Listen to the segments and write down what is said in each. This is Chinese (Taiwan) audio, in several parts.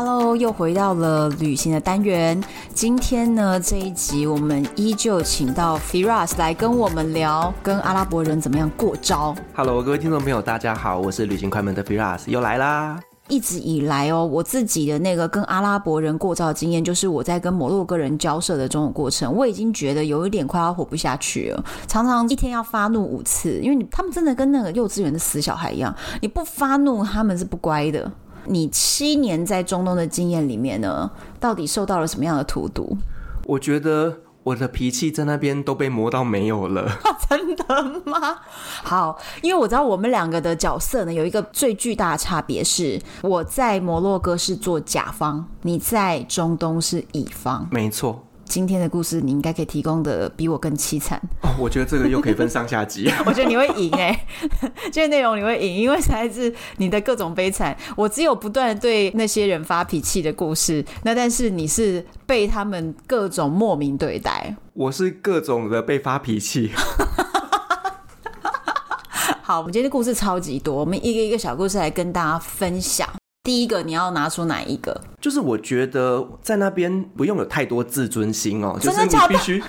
Hello，又回到了旅行的單元。今天呢，這一集我們依舊請到 Firas 來跟我們聊跟阿拉伯人怎麼樣過招。Hello，各位聽眾朋友，大家好，我是旅行快門的 Firas，又來啦。一直以來哦，我自己的那個跟阿拉伯人過招的經驗，就是我在跟摩洛哥人交涉的這種過程，我已經覺得有一點快要活不下去了。常常一天要發怒五次，因為你他們真的跟那個幼稚園的死小孩一樣，你不發怒他們是不乖的。你七年在中東的經驗裡面呢，到底受到了什麼樣的荼毒？我覺得我的脾氣在那邊都被磨到沒有了。啊，真的嗎？好，因為我知道我們兩個的角色呢，有一個最巨大的差別是，我在摩洛哥是做甲方，你在中東是乙方。沒錯。今天的故事，你應該可以提供的比我更淒慘。Oh, 我覺得這個又可以分上下集。 我覺得你會贏哎、欸，這些內容你會贏，因為才是你的各種悲慘。我只有不斷對那些人發脾氣的故事，那但是你是被他們各種莫名對待，我是各種的被發脾氣。 好，我們今天的故事超級多，我們一個一個小故事來跟大家分享。第一個你要拿出哪一個？就是我覺得在那邊不用有太多自尊心哦、喔，真的，就是你必須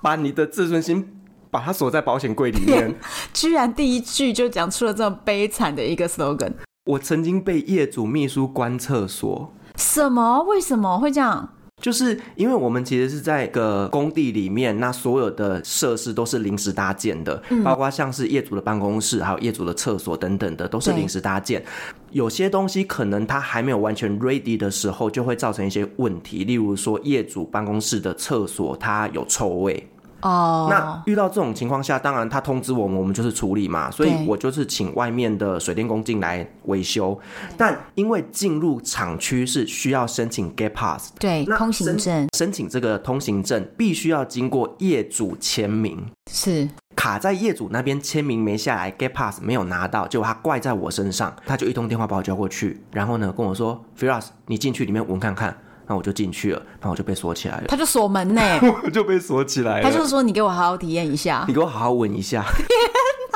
把你的自尊心把它鎖在保險櫃裡面。 居然第一句就講出了這麼悲慘的一個 slogan。我曾經被業主秘書關廁所。什麼？為什麼會這樣？就是因為我們其實是在一個工地裡面，那所有的設施都是臨時搭建的，包括像是業主的辦公室，還有業主的廁所等等的，都是臨時搭建。有些東西可能它還沒有完全 ready 的時候，就會造成一些問題。例如說，業主辦公室的廁所它有臭味。哦、oh，那遇到這種情況下，當然他通知我們，我們就是處理嘛，所以我就是請外面的水電工進來維修。但因為進入廠區是需要申請 gate pass，對那，通行證，申請這個通行證必須要經過業主簽名，是卡在業主那邊簽名沒下來，gate pass 沒有拿到，結果他怪在我身上，他就一通電話把我叫過去，然後呢跟我說，Firas，你進去裡面聞看看。那我就進去了，然後我就被鎖起來了。他就鎖門呢，我 就被鎖起來了。他就說：“你給我好好體驗一下，你給我好好聞一下。”天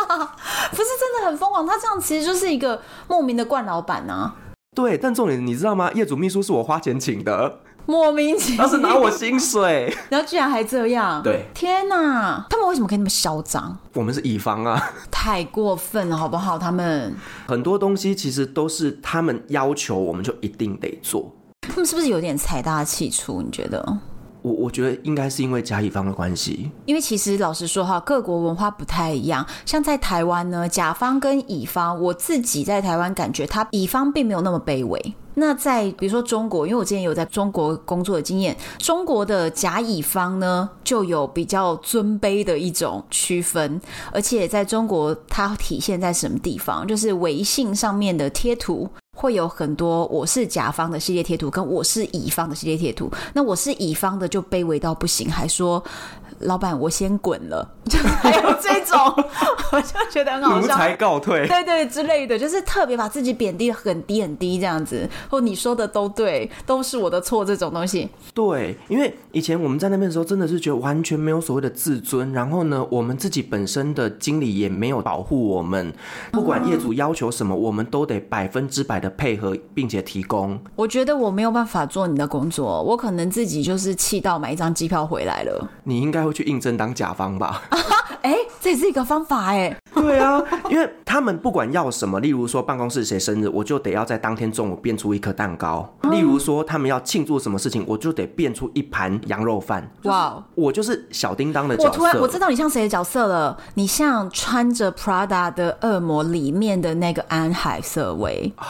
啊，不是真的很瘋狂？他這樣其實就是一個莫名的慣老闆啊。對，但重點你知道嗎？業主秘書是我花錢請的，莫名其妙，他是拿我薪水， 然後居然還這樣。對，天啊，他們為什麼可以那麼囂張？我們是乙方啊，太過分了，好不好？他們很多東西其實都是他們要求，我們就一定得做。他們是不是有點財大氣粗？你覺得？我我覺得應該是因為甲乙方的關係，因為其實老實說哈，各國文化不太一樣。像在台灣呢，甲方跟乙方，我自己在台灣感覺他乙方並沒有那麼卑微。那在比如說中國，因為我之前有在中國工作的經驗，中國的甲乙方呢就有比較尊卑的一種區分，而且在中國它體現在什麼地方？就是微信上面的貼圖。會有很多我是甲方的系列貼圖，跟我是乙方的系列貼圖。那我是乙方的就卑微到不行，還說老闆我先滾了，就還有這種，我就覺得很好笑，奴才告退，對，對對之類的，就是特別把自己貶低的很低很低這樣子。或你說的都對，都是我的錯這種東西。對，因為以前我們在那邊的時候，真的是覺得完全沒有所謂的自尊。然後呢，我們自己本身的經理也沒有保護我們，不管業主要求什麼，我們都得百分之百。配合，並且提供。我覺得我沒有辦法做你的工作，我可能自己就是氣到買一張機票回來了。你應該會去應徵當甲方吧？ 哎、欸，這是一個方法哎、欸。 對啊，因為他們不管要什麼，例如說辦公室誰生日，我就得要在當天中午變出一顆蛋糕、嗯；例如說他們要慶祝什麼事情，我就得變出一盤羊肉飯。哇、就是，我就是小叮噹的角色。我突然我知道你像誰的角色了，你像穿着 Prada 的惡魔裡面的那個安海瑟薇。哦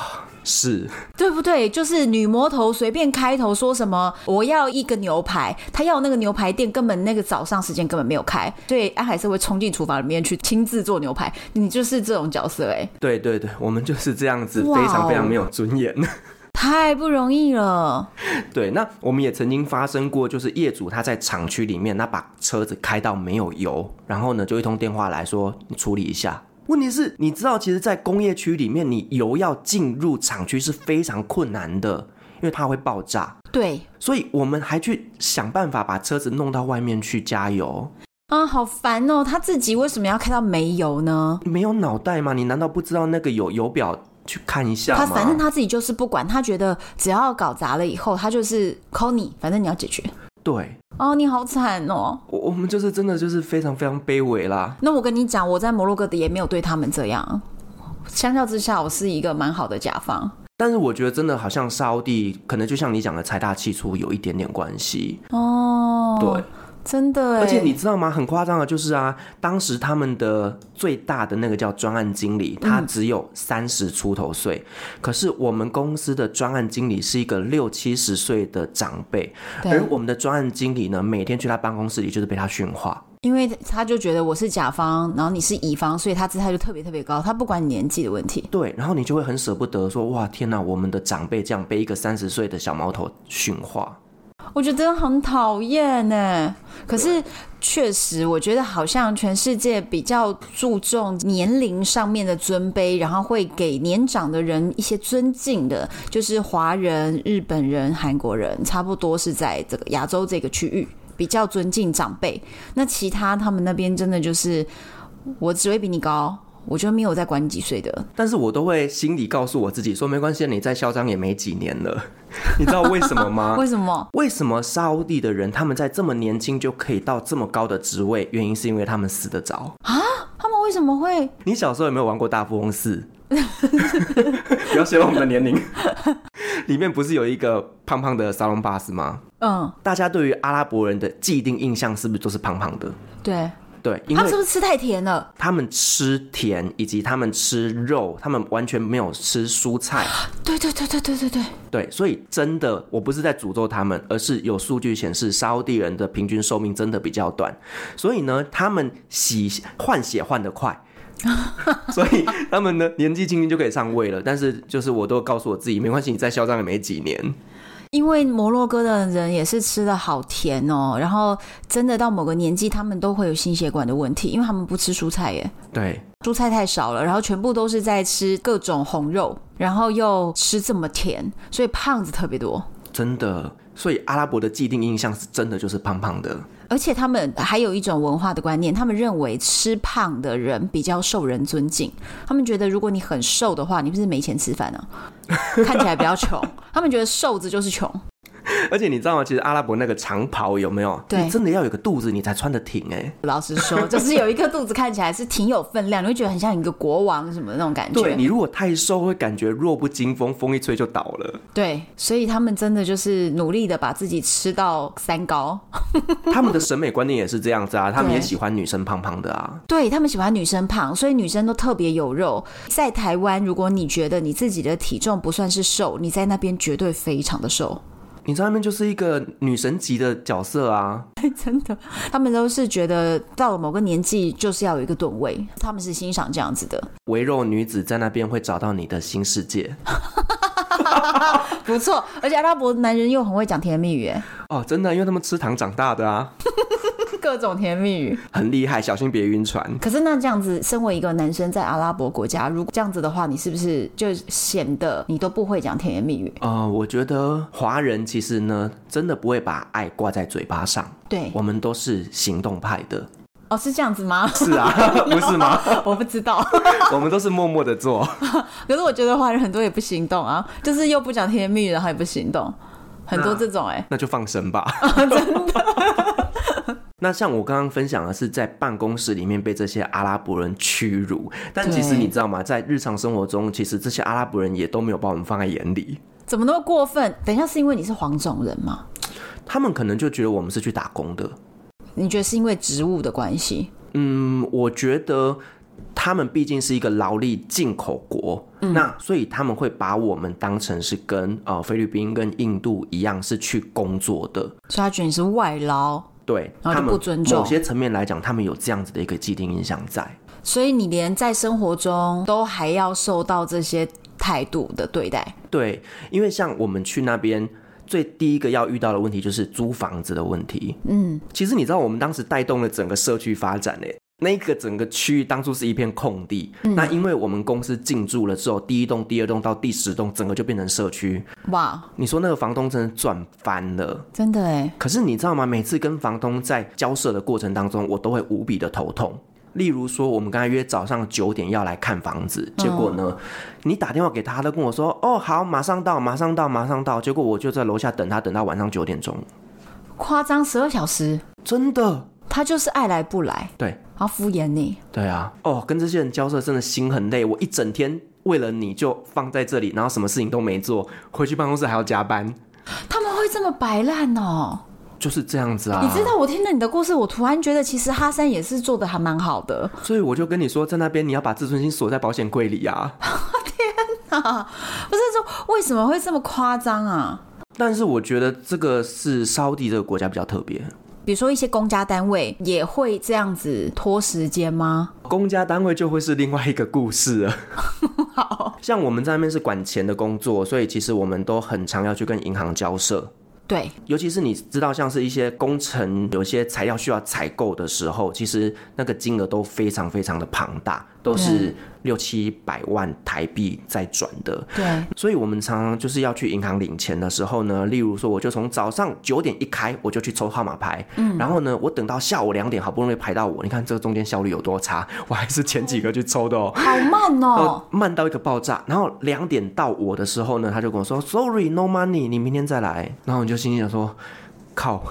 是對不對？就是女魔頭隨便開頭說什麼，我要一個牛排。他要那個牛排店根本那個早上時間根本沒有開，所以他還是會衝進廚房裡面去親自做牛排。你就是這種角色哎，對對對，我們就是這樣子，wow, 非常非常沒有尊嚴， 太不容易了。對，那我們也曾經發生過，就是業主他在廠區裡面，那把車子開到沒有油，然後呢就一通電話來說，你處理一下。問題是，你知道，其實，在工業區裡面，你油要進入廠區是非常困難的，因為它會爆炸。對，所以我們還去想辦法把車子弄到外面去加油。啊，好煩哦！他自己為什麼要開到沒油呢？沒有腦袋嗎？你難道不知道那個油有油表去看一下嗎？他反正他自己就是不管，他覺得只要搞砸了以後，他就是 call 你，反正你要解決。對哦，oh, 你好慘哦！我，我們就是真的就是非常非常卑微啦。那我跟你講，我在摩洛哥的也沒有對他們這樣，相較之下，我是一個蠻好的甲方。但是我覺得真的好像沙烏地，可能就像你講的財大氣粗有一點點關係哦。Oh. 對。真的、欸、而且你知道嗎？很誇張的就是啊，當時他們的最大的那個叫專案經理，他只有三十出頭歲，嗯，可是我們公司的專案經理是一個六七十歲的長輩，對，而我們的專案經理呢，每天去他辦公室裡就是被他訓話，因為他就覺得我是甲方，然後你是乙方，所以他姿態就特別特別高，他不管你年紀的問題。對，然後你就會很捨不得說哇天哪，我們的長輩這樣被一個三十歲的小毛頭訓話。我覺得很討厭呢，可是確實，我覺得好像全世界比較注重年齡上面的尊卑，然後會給年長的人一些尊敬的，就是華人、日本人、韓國人，差不多是在這個亞洲這個區域比較尊敬長輩。那其他他們那邊真的就是我職位比你高。我覺得沒有在管你幾歲的，但是我都會心裡告訴我自己說，沒關係，你再囂張也沒幾年了，你知道為什麼嗎？ 為什麼？為什麼沙烏地的人他們在這麼年輕就可以到這麼高的職位？原因是因為他們死得早啊！他們為什麼會？你小時候有沒有玩過大富翁四？ 不要洩露我們的年齡。 裡面不是有一個胖胖的沙龍巴斯嗎？嗯，大家對於阿拉伯人的既定印象是不是都是胖胖的？對。對，他們是不是吃太甜了？他們吃甜，以及他們吃肉，他們完全沒有吃蔬菜。對對對對對對對。所以真的，我不是在詛咒他們，而是有數據顯示沙烏地人的平均壽命真的比較短，所以呢，他們洗換血換得快， 所以他們呢年紀輕輕就可以上位了。但是就是我都告訴我自己，沒關係，你再囂張也沒幾年。因為摩洛哥的人也是吃的好甜哦，然後真的到某個年紀，他們都會有心血管的問題，因為他們不吃蔬菜耶。對，蔬菜太少了，然後全部都是在吃各種紅肉，然後又吃這麼甜，所以胖子特別多。真的，所以阿拉伯的既定印象是真的就是胖胖的。而且他們還有一種文化的觀念，他們認為吃胖的人比較受人尊敬。他們覺得如果你很瘦的話，你不是沒錢吃飯呢？啊，看起來比較窮。 他們覺得瘦子就是窮。而且你知道嗎？其實阿拉伯那個長袍有沒有？對，你真的要有個肚子，你才穿的挺哎、欸。老實說，就是有一個肚子，看起來是挺有分量， 你會覺得很像一個國王什麼的那種感覺。對，你如果太瘦，會感覺弱不禁風，風一吹就倒了。對，所以他們真的就是努力的把自己吃到三高。 他們的審美觀念也是這樣子啊，他們也喜歡女生胖胖的啊。對，他們喜歡女生胖，所以女生都特別有肉。在台灣，如果你覺得你自己的體重不算是瘦，你在那邊絕對非常的瘦。你在那邊就是一個女神級的角色啊！真的，他們都是覺得到了某個年紀就是要有一個噸位，他們是欣賞這樣子的。微肉女子在那邊會找到你的新世界，不錯。而且阿拉伯男人又很會講甜言蜜語，哦，真的，因為他們吃糖長大的啊。各種甜言蜜語很厲害，小心別暈船。可是那這樣子，身為一個男生，在阿拉伯國家，如果這樣子的話，你是不是就顯得你都不會講甜言蜜語？呃，我覺得華人其實呢，真的不會把愛掛在嘴巴上。對，我們都是行動派的。哦，是這樣子嗎？是啊， 不是嗎？ 我不知道。 我們都是默默的做。 可是我覺得華人很多也不行動啊，就是又不講甜言蜜語，然後也不行動，很多這種哎、欸，那就放生吧。啊，真的。 那像我剛剛分享的是在辦公室裡面被這些阿拉伯人屈辱，但其實你知道嗎？在日常生活中，其實這些阿拉伯人也都沒有把我們放在眼裡。怎麼那麼過分？等一下，是因為你是黃種人嗎？他們可能就覺得我們是去打工的。你覺得是因為職務的關係？嗯，我覺得他們畢竟是一個勞力進口國，嗯，那所以他們會把我們當成是跟呃菲律賓跟印度一樣是去工作的，所以他覺得你是外勞。對，哦，不尊重。他們某些層面來講，他們有這樣子的一個既定印象在，所以你連在生活中都還要受到這些態度的對待。對，因為像我們去那邊，最第一個要遇到的問題就是租房子的問題。嗯，其實你知道，我們當時帶動了整個社區發展欸。那個整個區域當初是一片空地，嗯、那因為我們公司進駐了之後，第一棟、第二棟到第十棟，整個就變成社區。哇！你說那個房東真的賺翻了，真的哎、欸。可是你知道嗎？每次跟房東在交涉的過程當中，我都會無比的頭痛。例如說，我們跟他約早上九點要來看房子，結果呢，嗯、你打電話給他，他跟我說：“哦，好，馬上到，馬上到，馬上到。”結果我就在樓下等他，等到晚上九點鐘，誇張十二小時，真的。他就是愛來不來，對。好敷衍你，對啊，哦，跟這些人交涉真的心很累。我一整天為了你就放在這裡，然後什麼事情都沒做，回去辦公室還要加班。他們會這麼白爛哦？就是這樣子啊。你知道我聽了你的故事，我突然覺得其實哈山也是做得還蠻好的。所以我就跟你說，在那邊你要把自尊心鎖在保險櫃裡啊。 天哪，不是說為什麼會這麼誇張啊？但是我覺得這個是沙地這個國家比較特別。比如說，一些公家單位也會這樣子拖時間嗎？公家單位就會是另外一個故事了 好。像我們在那邊是管錢的工作，所以其實我們都很常要去跟銀行交涉。對，尤其是你知道，像是一些工程，有些材料需要採購的時候，其實那個金額都非常非常的龐大。都是六七百萬台幣在轉的，對，所以我們常常就是要去銀行領錢的時候呢，例如說，我就從早上九點一開，我就去抽號碼牌，嗯，然後呢，我等到下午兩點，好不容易排到我，你看這個中間效率有多差，我還是前幾個去抽的哦，好慢哦，慢到一個爆炸，然後兩點到我的時候呢，他就跟我說，sorry no money，你明天再來，然後我就心想說，靠。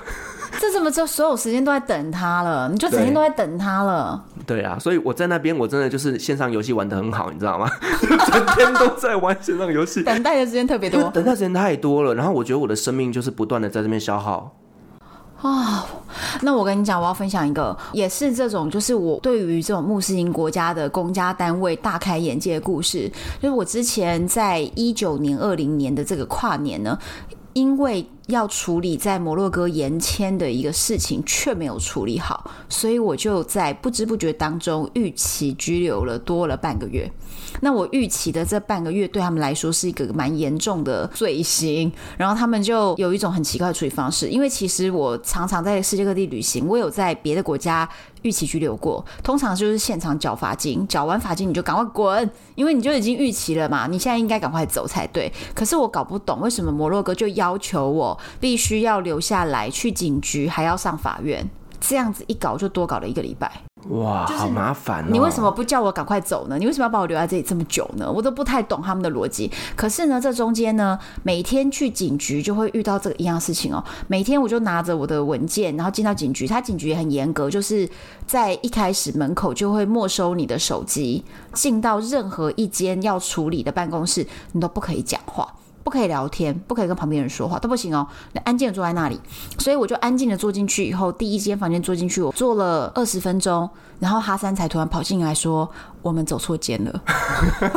這怎麼就所有時間都在等他了？你就整天都在等他了？對，對啊，所以我在那邊我真的就是線上遊戲玩的很好，你知道嗎？ 整天都在玩線上遊戲，等待的時間特別多，就是、等待時間太多了。然後我覺得我的生命就是不斷的在這邊消耗。啊、哦，那我跟你講，我要分享一個也是這種，就是我對於這種穆斯林國家的公家單位大開眼界的故事。就是我之前在一九年、二零年的這個跨年呢，因為。要處理在摩洛哥延簽的一個事情，卻沒有處理好，所以我就在不知不覺當中逾期拘留了多了半個月。那我逾期的這半個月對他們來說是一個蠻嚴重的罪行，然後他們就有一種很奇怪的處理方式，因為其實我常常在世界各地旅行，我有在別的國家逾期拘留過，通常就是現場繳罰金，繳完罰金你就趕快滾，因為你就已經逾期了嘛，你現在應該趕快走才對。可是我搞不懂為什麼摩洛哥就要求我。必須要留下來去警局，還要上法院，這樣子一搞就多搞了一個禮拜。哇，就是，好麻煩哦！你為什麼不叫我趕快走呢？你為什麼要把我留在這裡這麼久呢？我都不太懂他們的邏輯。可是呢，這中間呢，每天去警局就會遇到這個一樣的事情哦、喔。每天我就拿着我的文件，然後進到警局，他警局也很嚴格，就是在一開始門口就會沒收你的手機。進到任何一間要處理的辦公室，你都不可以講話。不可以聊天，不可以跟旁邊人說話，都不行哦、喔。安靜的坐在那裡，所以我就安靜的坐進去以後，第一間房間坐進去我，我坐了二十分鐘，然後哈三才突然跑進來說：“我們走錯間了。 ”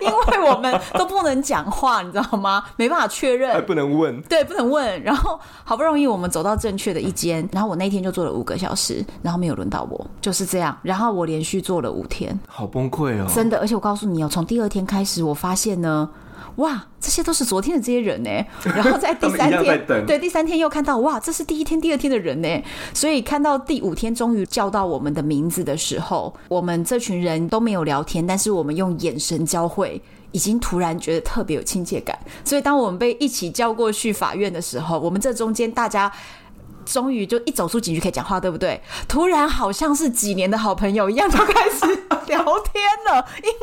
因為我們都不能講話，你知道嗎？沒辦法確認，還不能問，對，不能問。然後好不容易我們走到正確的一間，然後我那天就坐了五個小時，然後沒有輪到我，就是這樣。然後我連續坐了五天，好崩潰哦！真的，而且我告訴你哦、喔，從第二天開始，我發現呢。哇，這些都是昨天的這些人呢、欸。然後在第三天，對，第三天又看到，哇，這是第一天、第二天的人呢、欸。所以看到第五天終於叫到我們的名字的時候，我們這群人都沒有聊天，但是我們用眼神交匯，已經突然覺得特別有親切感。所以當我們被一起叫過去法院的時候，我們這中間大家。終於就一走出警局，可以講話，對不對？突然好像是幾年的好朋友一樣，就開始聊天了。因為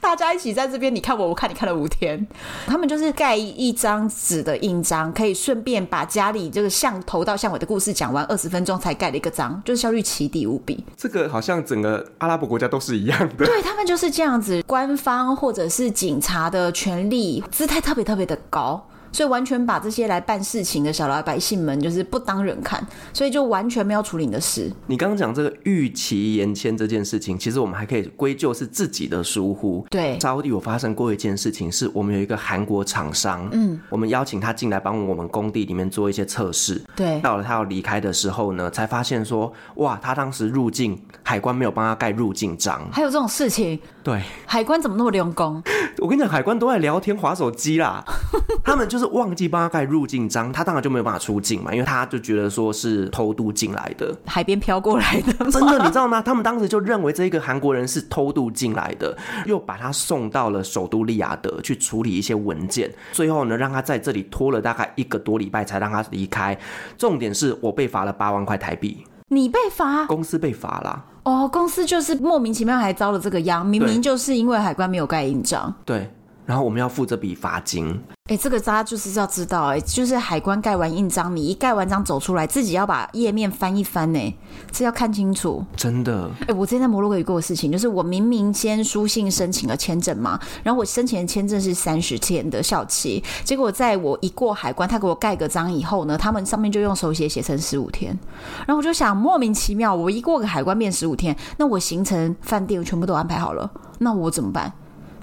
大家一起在這邊，你看我，我看你，看了五天。他們就是蓋一張紙的印章，可以順便把家裡這個從頭到尾的故事講完。二十分鐘才蓋了一個章，就是效率奇低無比。這個好像整個阿拉伯國家都是一樣的。對，他們就是這樣子，官方或者是警察的權力姿態特別特別的高。所以完全把這些來辦事情的小老百姓們，就是不當人看，所以就完全沒有處理你的事。你剛剛講這個逾期延簽這件事情，其實我們還可以歸咎是自己的疏忽。對，沙地有發生過一件事情，是我們有一個韓國廠商，嗯，我們邀請他進來幫我們工地裡面做一些測試。對，到了他要離開的時候呢，才發現說，哇，他當時入境海關沒有幫他蓋入境章，還有這種事情。對，海關怎麼那麼兩光？我跟你講，海關都在聊天、劃手機啦。 他們就是忘記幫他蓋入境章，他當然就沒有辦法出境嘛，因為他就覺得說是偷渡進來的，海邊飄過來的。真的，你知道嗎？他們當時就認為這個韓國人是偷渡進來的，又把他送到了首都利雅得去處理一些文件，最後呢，讓他在這裡拖了大概一個多禮拜才讓他離開。重點是我被罰了八萬塊台幣，你被罰，公司被罰啦。哦，公司就是莫名其妙還遭了這個殃，明明就是因為海關沒有蓋印章。對。對然後我們要付這筆罰金。哎、欸，這個大家就是要知道、欸，哎，就是海關蓋完印章，你一蓋完章走出來，自己要把頁面翻一翻、欸，哎，這要看清楚。真的。哎、欸，我之前在摩洛哥有過的事情，就是我明明先書信申請了簽證嘛，然後我申請的簽證是三十天的效期，結果在我一過海關，他給我蓋個章以後呢，他們上面就用手寫寫成十五天。然後我就想莫名其妙，我一過個海關變十五天，那我行程、飯店全部都安排好了，那我怎麼辦？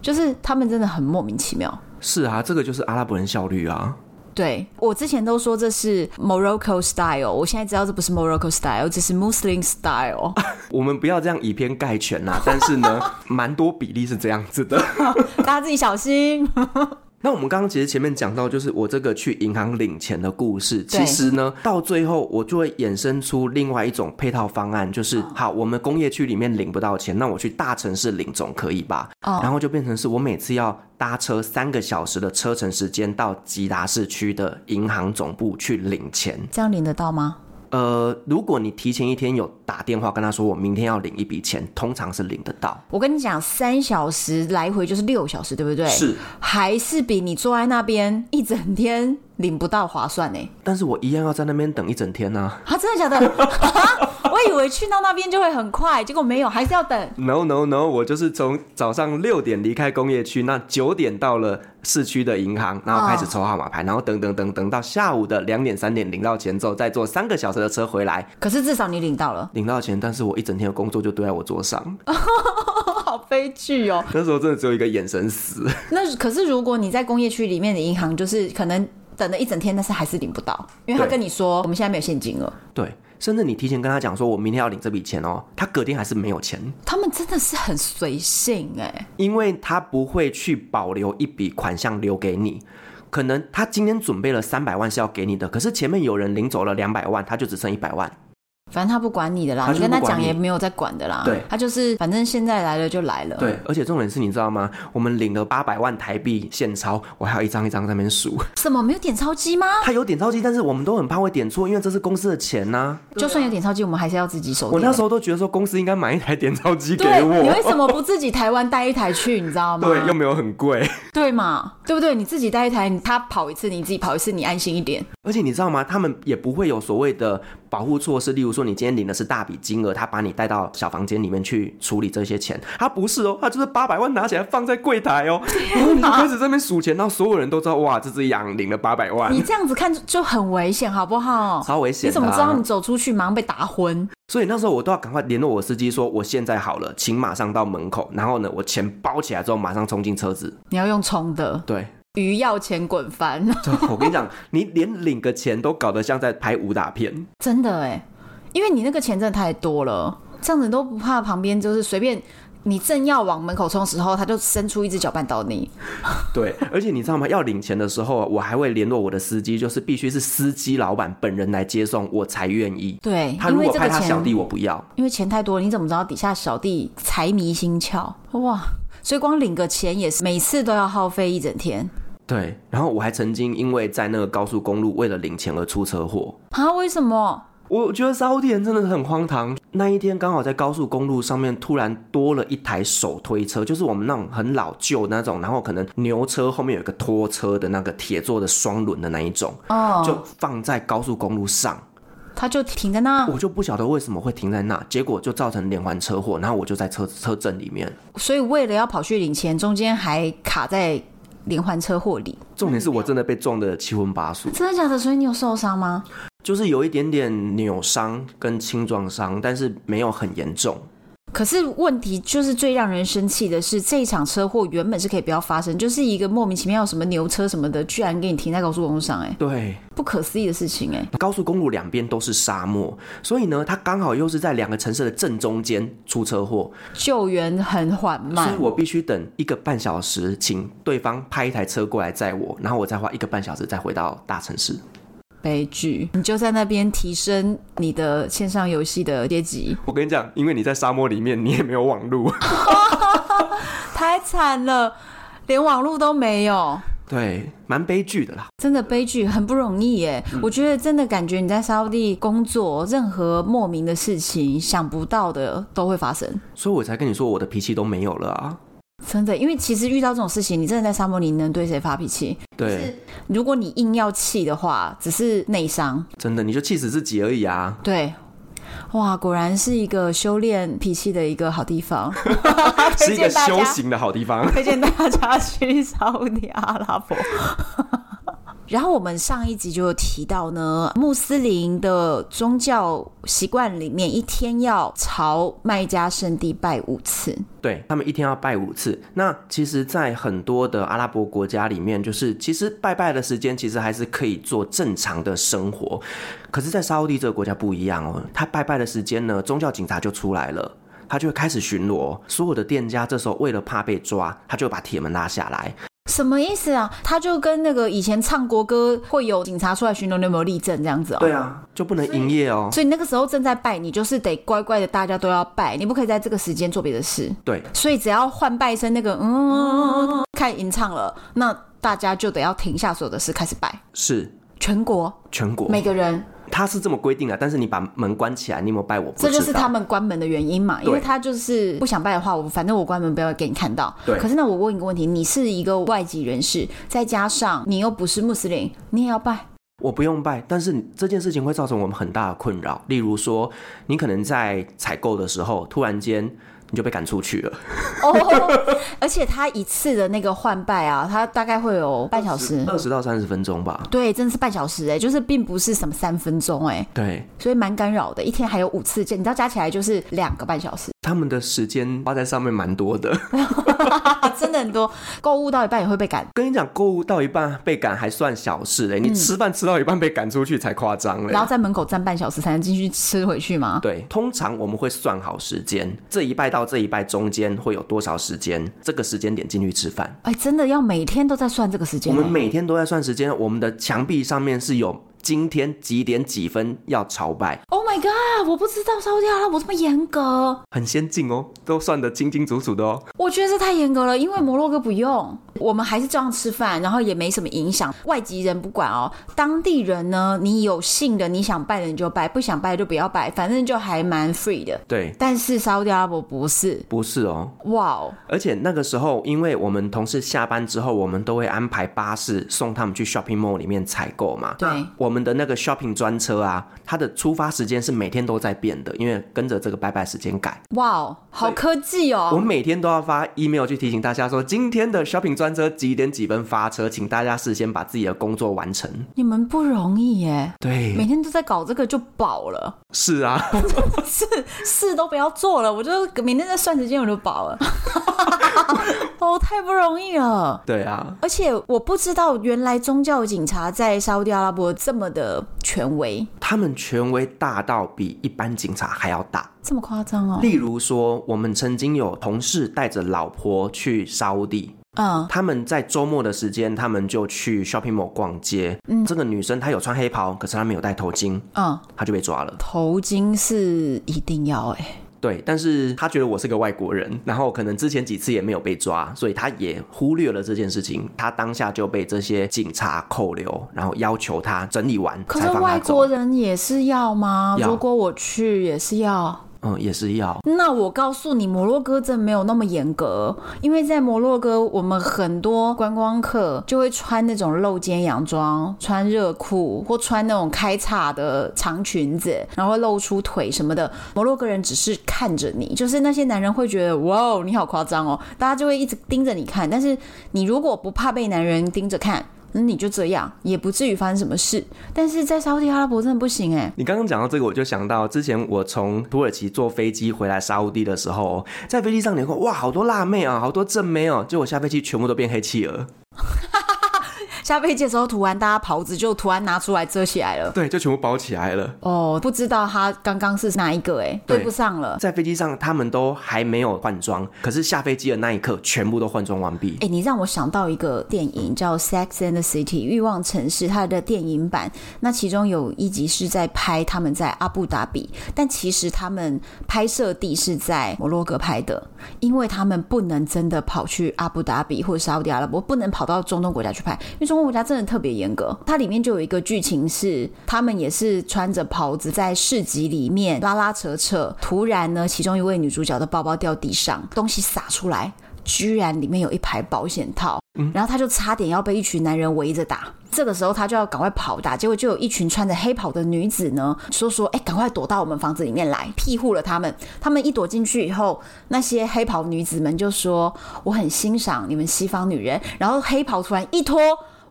就是他們真的很莫名其妙。是啊，這個就是阿拉伯人效率啊！對，我之前都說這是 Morocco style，我現在知道這不是 Morocco style，這是 Muslim style。 我們不要這樣以偏概全啊。但是呢，蠻 多比例是這樣子的， 大家自己小心。 那我們剛剛其實前面講到，就是我這個去銀行領錢的故事，其實呢，到最後我就會衍生出另外一種配套方案，就是好，哦、我們工業區裡面領不到錢，那我去大城市領總可以吧，哦？然後就變成是我每次要搭車三個小時的車程時間到吉達市區的銀行總部去領錢，這樣領得到嗎？呃，如果你提前一天有打電話跟他說，我明天要領一筆錢，通常是領得到。我跟你講，三小時來回就是六小時，對不對？是，還是比你坐在那邊一整天領不到划算呢？但是我一樣要在那邊等一整天啊。啊、啊、真的假的？ 我 以為去到那邊就會很快，結果沒有，還是要等。No no no！我就是從早上六點離開工業區，那九點到了市區的銀行，然後開始抽號碼牌，oh. 然後等等等等到下午的兩點三點領到錢之後，再坐三個小時的車回來。可是至少你領到了，領到錢，但是我一整天的工作就堆在我桌上， 好悲劇哦。那時候真的只有一個眼神死。 那可是如果你在工業區裡面的銀行，就是可能等了一整天，但是還是領不到，因為他跟你說我們現在沒有現金了。對。甚至你提前跟他講說，我明天要領這筆錢哦，他隔天還是沒有錢。他們真的是很隨性誒。因為他不會去保留一筆款項留給你，可能他今天準備了三百萬是要給你的，可是前面有人領走了兩百萬，他就只剩一百萬。反正他不管你的啦，你，你跟他講也沒有在管的啦。對，他就是反正現在來了就來了。對，而且重點是你知道嗎？我們領了八百萬台幣現鈔，我還有一張一張在那邊數。什麼？沒有點鈔機嗎？他有點鈔機，但是我們都很怕會點錯，因為這是公司的錢吶、啊啊。就算有點鈔機，我們還是要自己手。我那時候都覺得說，公司應該買一台點鈔機給我。你為什麼不自己台灣帶一台去？你知道嗎？對，又沒有很貴，對嘛？對不對？你自己帶一台，他跑一次，你自己跑一次，你安心一點。而且你知道嗎？他們也不會有所謂的。保護措施，例如說，你今天領的是大筆金額，他把你帶到小房間裡面去處理這些錢，他不是哦，他就是八百萬拿起來放在櫃台哦，然 後 你就開始這邊數錢，然後所有人都知道，哇，這隻羊領了八百萬，你這樣子看就很危險，好不好？超危險、啊！你怎麼知道你走出去馬上被打昏？所以那時候我都要趕快聯絡我司機說，我現在好了，請馬上到門口，然後呢，我錢包起來之後馬上衝進車子，你要用衝的，對。魚要錢滾翻！我跟你講， 你連領個錢都搞得像在拍武打片。真的哎，因為你那個錢真的太多了，這樣子你都不怕旁邊，就是隨便你正要往門口衝的時候，他就伸出一隻腳絆倒你。對，而且你知道嗎？ 要領錢的時候，我還會聯絡我的司機，就是必須是司機老板本人來接送，我才願意。對，他如果派他小弟，我不要，因為錢太多了，你怎麼知道底下小弟財迷心竅？哇！所以光領個錢也是每次都要耗費一整天。對，然後我還曾經因為在那個高速公路為了領錢而出車禍啊？為什麼？我覺得沙烏地真的很荒唐。那一天剛好在高速公路上面突然多了一台手推車，就是我們那種很老舊那種，然後可能牛車後面有一個拖車的那個鐵做的雙輪的那一種哦，就放在高速公路上，它就停在那，我就不曉得為什麼會停在那，結果就造成連環車禍，然後我就在車車陣裡面，所以為了要跑去領錢，中間還卡在。連環車禍裡，重點是我真的被撞得七葷八素。真的假的？所以你有受傷嗎？就是有一點點扭傷跟輕撞傷，但是沒有很嚴重。可是問題就是最讓人生氣的是，這一場車禍原本是可以不要發生，就是一個莫名其妙有什麼牛車什麼的，居然給你停在高速公路上，欸，哎，對，不可思議的事情哎、欸。高速公路兩邊都是沙漠，所以呢，它剛好又是在兩個城市的正中間出車禍，救援很緩慢，所以我必須等一個半小時，請對方派一台車過來載我，然後我再花一個半小時再回到大城市。悲劇，你就在那邊提升你的線上遊戲的階級。我跟你講，因為你在沙漠裡面，你也沒有網路， 太慘了，連網路都沒有，對，蠻悲劇的啦。真的悲劇，很不容易耶、欸嗯。我覺得真的感覺你在沙烏地工作，任何莫名的事情，想不到的都會發生。所以我才跟你說，我的脾氣都沒有了啊。真的，因為其實遇到這種事情，你真的在沙漠裡能對誰發脾氣？對，如果你硬要氣的話，只是內傷。真的，你就氣死自己而已啊！對，哇，果然是一個修煉脾氣的一個好地方， 是一個修行的好地方， 推薦大，大家去沙烏地阿拉伯。 然後我們上一集就有提到呢，穆斯林的宗教習慣裡面，一天要朝麥加聖地拜五次。對他們一天要拜五次。那其實，在很多的阿拉伯國家裡面，就是其實拜拜的時間，其實還是可以做正常的生活。可是，在沙烏地這個國家不一樣哦，他拜拜的時間呢，宗教警察就出來了，他就開始巡邏。所有的店家這時候為了怕被抓，他就把鐵門拉下來。什麼意思啊？他就跟那個以前唱國歌會有警察出來巡邏，你有沒有立正這樣子哦？對啊，就不能營業哦。所以那個時候正在拜，你就是得乖乖的，大家都要拜，你不可以在這個時間做別的事。對，所以只要換拜聲那個，嗯，開始吟唱了，那大家就得要停下所有的事，開始拜。是全國，全國每個人。他是這麼規定啊，但是你把門關起來，你有沒有拜我？我這就是他們關門的原因嘛，因為他就是不想拜的話，我反正我關門不要給你看到。對。可是那我問一個問題，你是一個外籍人士，再加上你又不是穆斯林，你也要拜？我不用拜，但是這件事情會造成我們很大的困擾。例如說，你可能在採購的時候，突然間。你就被趕出去了哦、oh, oh,，oh, oh. 而且他一次的那個換拜啊，他大概會有半小時，二十到三十分鐘吧。對，真的是半小時哎、欸，就是並不是什麼三分鐘哎、欸。對，所以蠻干擾的。一天還有五次，見，你知道加起來就是兩個半小時。他們的時間花在上面蠻多的， 真的很多。購物到一半也會被趕。跟你講，購物到一半被趕還算小事嘞、欸嗯，你吃飯吃到一半被趕出去才誇張嘞。然後在門口站半小時才能進去吃回去嗎？對，通常我們會算好時間，這一拜到。到這一拜中間會有多少時間？這個時間點進去吃飯？哎、欸，真的要每天都在算這個時間、欸？我們每天都在算時間。我們的牆壁上面是有。今天幾點幾分要朝拜？Oh my god！我不知道，沙烏地阿拉伯這麼嚴格，很先進哦，都算得清清楚楚的哦。我覺得這太嚴格了，因為摩洛哥不用， 我們還是照樣吃飯，然後也沒什麼影響。外籍人不管哦，當地人呢，你有信的，你想拜人就拜，不想拜的就不要拜，反正就還蠻 free 的。對，但是沙烏地阿拉伯不是，不是哦。哇、wow、哦！而且那個時候，因為我們同事下班之後，我們都會安排巴士送他們去 shopping mall 裡面採購嘛。對、啊、我們。我們的那個 shopping 專車啊，它的出發時間是每天都在變的，因為跟着這個拜拜時間改。哇哦，好科技哦！我每天都要發 email 去提醒大家說，今天的 shopping 專車幾點幾分發車，請大家事先把自己的工作完成。你們不容易耶，對耶，每天都在搞這個就飽了。是啊， 是事都不要做了，我就每天在算時間，我就飽了。 哦、 啊，太不容易了。對啊，而且我不知道原來宗教警察在沙烏地阿拉伯這麼的權威，他們權威大到比一般警察還要大，這麼誇張哦。例如說，我們曾經有同事帶着老婆去沙烏地，嗯，他們在周末的時間，他們就去 shopping mall 逛街。嗯，這個女生她有穿黑袍，可是她沒有戴頭巾，嗯，她就被抓了。頭巾是一定要哎、欸。對，但是他覺得我是個外國人，然後可能之前幾次也沒有被抓，所以他也忽略了這件事情。他當下就被這些警察扣留，然後要求他整理完才放他走。可是外國人也是要嗎？要。如果我去也是要。嗯，也是要。那我告訴你，摩洛哥真沒有那麼嚴格，因為在摩洛哥，我們很多觀光客就會穿那種露肩洋裝，穿熱褲或穿那種開叉的長裙子，然後露出腿什麼的。摩洛哥人只是看着你，就是那些男人會覺得哇哦，你好誇張哦，大家就會一直盯着你看。但是你如果不怕被男人盯着看，那你就這樣，也不至於發生什麼事。但是在沙烏地阿拉伯真的不行哎、欸！你剛剛講到這個，我就想到之前我從土耳其坐飛機回來沙烏地的時候，在飛機上你看，哇，好多辣妹啊，好多正妹哦、啊，結果下飛機全部都變黑氣了。 下飛機的時候突然，大家袍子就突然拿出來遮起來了。對，就全部包起來了。哦、oh，不知道他剛剛是哪一個、欸？哎，對不上了。在飛機上他們都還沒有換裝，可是下飛機的那一刻，全部都換裝完畢。哎、欸，你讓我想到一個電影叫《Sex and the City》欲望城市，它的電影版。那其中有一集是在拍他們在阿布達比，但其實他們拍攝地是在摩洛哥拍的，因為他們不能真的跑去阿布達比或者沙烏地阿拉伯，不能跑到中東國家去拍，因為中。我家真的特別嚴格，它裡面就有一個劇情是，他們也是穿着袍子在市集裡面拉拉扯扯。突然呢，其中一位女主角的包包掉地上，東西灑出來，居然裡面有一排保險套。然後他就差點要被一群男人圍着打，這個時候他就要趕快跑，打。結果就有一群穿着黑袍的女子呢，說說：“哎，趕快躲到我們房子裡面來，庇護了他們。”他們一躲進去以後，那些黑袍女子們就說：“我很欣賞你們西方女人。”然後黑袍突然一脫。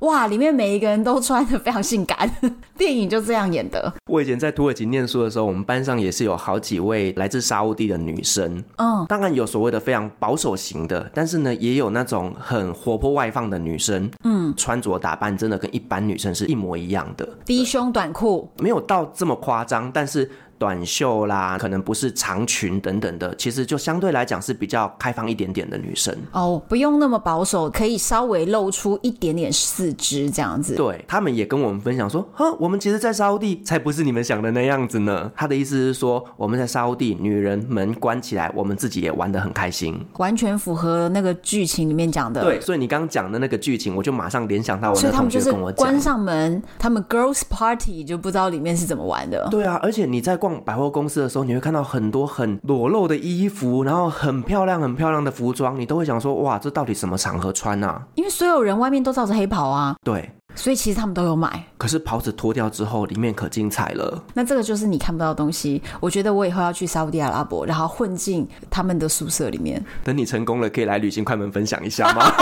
哇，裡面每一個人都穿的非常性感，電影就這樣演的。我以前在土耳其念書的時候，我們班上也是有好幾位來自沙烏地的女生，嗯，當然有所謂的非常保守型的，但是呢，也有那種很活潑外放的女生，嗯，穿着打扮真的跟一般女生是一模一樣的，低胸短褲，嗯，沒有到這麼誇張，但是，短袖啦，可能不是長裙等等的，其實就相對來講是比較開放一點點的女生哦，oh, 不用那麼保守，可以稍微露出一點點四肢這樣子。對，他們也跟我們分享說，哈，我們其實在沙烏地才不是你們想的那樣子呢。他的意思是說，我們在沙烏地女人門關起來，我們自己也玩得很開心，完全符合那個劇情裡面講的。對，所以你剛剛講的那個劇情，我就馬上聯想到我的同學跟我講，所以他們就是關上門，他們 girls party 就不知道裡面是怎麼玩的。對啊，而且你在。百貨公司的時候，你會看到很多很裸露的衣服，然後很漂亮、很漂亮的服裝，你都會想說：哇，這到底什麼場合穿啊？因為所有人外面都罩着黑袍啊。對。所以其實他們都有買，可是袍子脫掉之後，裡面可精彩了。那這個就是你看不到的東西。我覺得我以後要去沙烏地阿拉伯，然後混進他們的宿舍裡面。等你成功了，可以來旅行快門分享一下嗎？